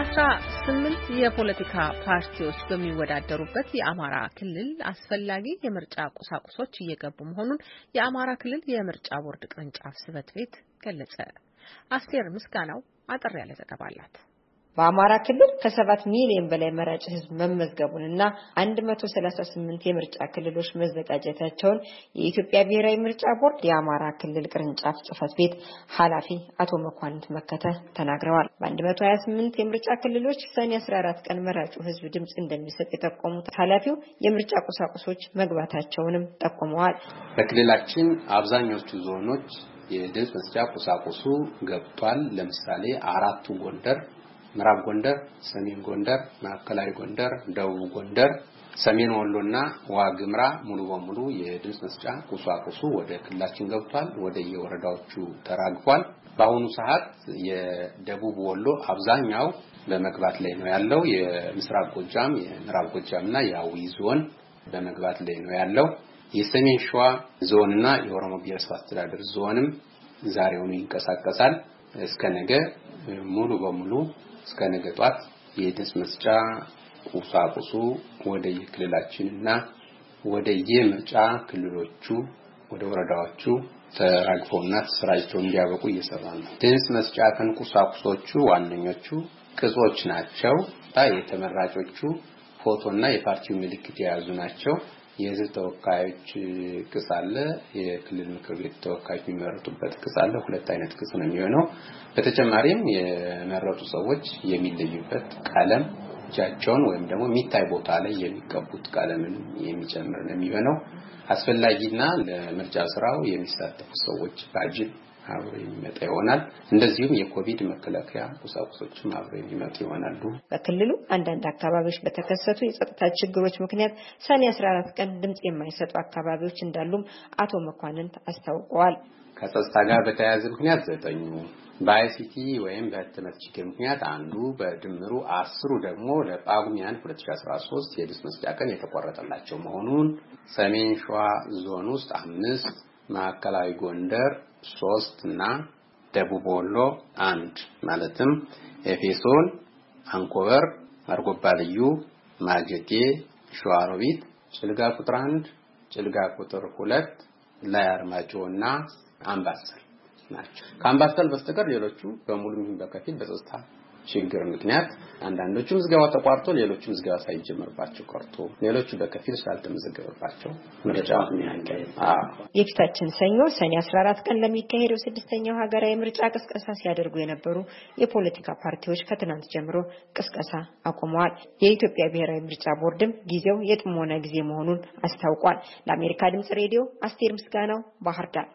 አስራ ስምንት የፖለቲካ ፓርቲዎች በሚወዳደሩበት የአማራ ክልል አስፈላጊ የምርጫ ቁሳቁሶች እየገቡ መሆኑን የአማራ ክልል የምርጫ ቦርድ ቅርንጫፍ ጽሕፈት ቤት ገለጸ። አስቴር ምስጋናው አጠር ያለ ዘገባ አላት። በአማራ ክልል ከሰባት ሚሊዮን በላይ መራጭ ህዝብ መመዝገቡን እና 138 የምርጫ ክልሎች መዘጋጀታቸውን የኢትዮጵያ ብሔራዊ ምርጫ ቦርድ የአማራ ክልል ቅርንጫፍ ጽህፈት ቤት ኃላፊ አቶ መኳንንት መከተ ተናግረዋል። በ128 የምርጫ ክልሎች ሰኔ 14 ቀን መራጩ ህዝብ ድምፅ እንደሚሰጥ የጠቆሙት ኃላፊው የምርጫ ቁሳቁሶች መግባታቸውንም ጠቁመዋል። በክልላችን አብዛኞቹ ዞኖች የድምፅ መስጫ ቁሳቁሱ ገብቷል። ለምሳሌ አራቱ ጎንደር ምዕራብ ጎንደር፣ ሰሜን ጎንደር፣ ማዕከላዊ ጎንደር፣ ደቡብ ጎንደር፣ ሰሜን ወሎና ዋግምራ ሙሉ በሙሉ የድምፅ መስጫ ቁሳቁሱ ወደ ክልላችን ገብቷል፣ ወደ የወረዳዎቹ ተራግፏል። በአሁኑ ሰዓት የደቡብ ወሎ አብዛኛው በመግባት ላይ ነው ያለው። የምስራቅ ጎጃም፣ የምዕራብ ጎጃም እና የአዊ ዞን በመግባት ላይ ነው ያለው። የሰሜን ሸዋ ዞንና የኦሮሞ ብሔረሰብ አስተዳደር ዞንም ዛሬውኑ ይንቀሳቀሳል። እስከ ነገ ሙሉ በሙሉ እስከ ነገ ጧት የደስ መስጫ ቁሳቁሱ ወደ የክልላችንና ወደ የምርጫ ክልሎቹ ወደ ወረዳዎቹ ተራግፈውና ተሰራጭቶ እንዲያበቁ እየሰራ ነው። ድምፅ መስጫ ቀን ቁሳቁሶቹ ዋነኞቹ ቅጾች ናቸው። የተመራጮቹ ፎቶና የፓርቲው ምልክት የያዙ ናቸው። የህዝብ ተወካዮች ቅጽ አለ፣ የክልል ምክር ቤት ተወካዮች የሚመረጡበት ቅጽ አለ። ሁለት አይነት ቅጽ ነው የሚሆነው። በተጨማሪም የመረጡ ሰዎች የሚለዩበት ቀለም እጃቸውን ወይም ደግሞ የሚታይ ቦታ ላይ የሚቀቡት ቀለምን የሚጨምር ነው የሚሆነው። አስፈላጊና ለምርጫ ስራው የሚሳተፉ ሰዎች ባጅ አብሮ የሚመጣ ይሆናል። እንደዚሁም የኮቪድ መከላከያ ቁሳቁሶችም አብሮ የሚመጡ ይሆናሉ። በክልሉ አንዳንድ አካባቢዎች በተከሰቱ የጸጥታ ችግሮች ምክንያት ሰኔ 14 ቀን ድምጽ የማይሰጡ አካባቢዎች እንዳሉም አቶ መኳንንት አስታውቀዋል። ከጸጥታ ጋር በተያያዘ ምክንያት ዘጠኙ በአይሲቲ ወይም በህትመት ችግር ምክንያት አንዱ በድምሩ አስሩ ደግሞ ለጳጉሚያን 2013 የድስት መስጫ ቀን የተቆረጠላቸው መሆኑን ሰሜን ሸዋ ዞን ውስጥ አምስት ማዕከላዊ ጎንደር ሶስት እና ደቡብ ወሎ አንድ ማለትም ኤፌሶን፣ አንኮበር፣ አርጎባ ልዩ፣ ማጀቴ፣ ሸዋሮቢት፣ ጭልጋ ቁጥር አንድ፣ ጭልጋ ቁጥር ሁለት፣ ላይ አርማጭሆ እና አምባሰል ናቸው። ከአምባሰል በስተቀር ሌሎቹ በሙሉ በከፊል በጾታ ችግር ምክንያት አንዳንዶቹ ምዝገባ ተቋርጦ ሌሎቹ ምዝገባ ሳይጀምርባቸው ቀርቶ ሌሎቹ በከፊል ስላልተመዘገበባቸው ምርጫ የፊታችን ሰኞ ሰኔ 14 ቀን ለሚካሄደው ስድስተኛው ሀገራዊ ምርጫ ቅስቀሳ ሲያደርጉ የነበሩ የፖለቲካ ፓርቲዎች ከትናንት ጀምሮ ቅስቀሳ አቁመዋል። የኢትዮጵያ ብሔራዊ ምርጫ ቦርድም ጊዜው የጥሞና ጊዜ መሆኑን አስታውቋል። ለአሜሪካ ድምጽ ሬዲዮ አስቴር ምስጋናው ባህር ዳር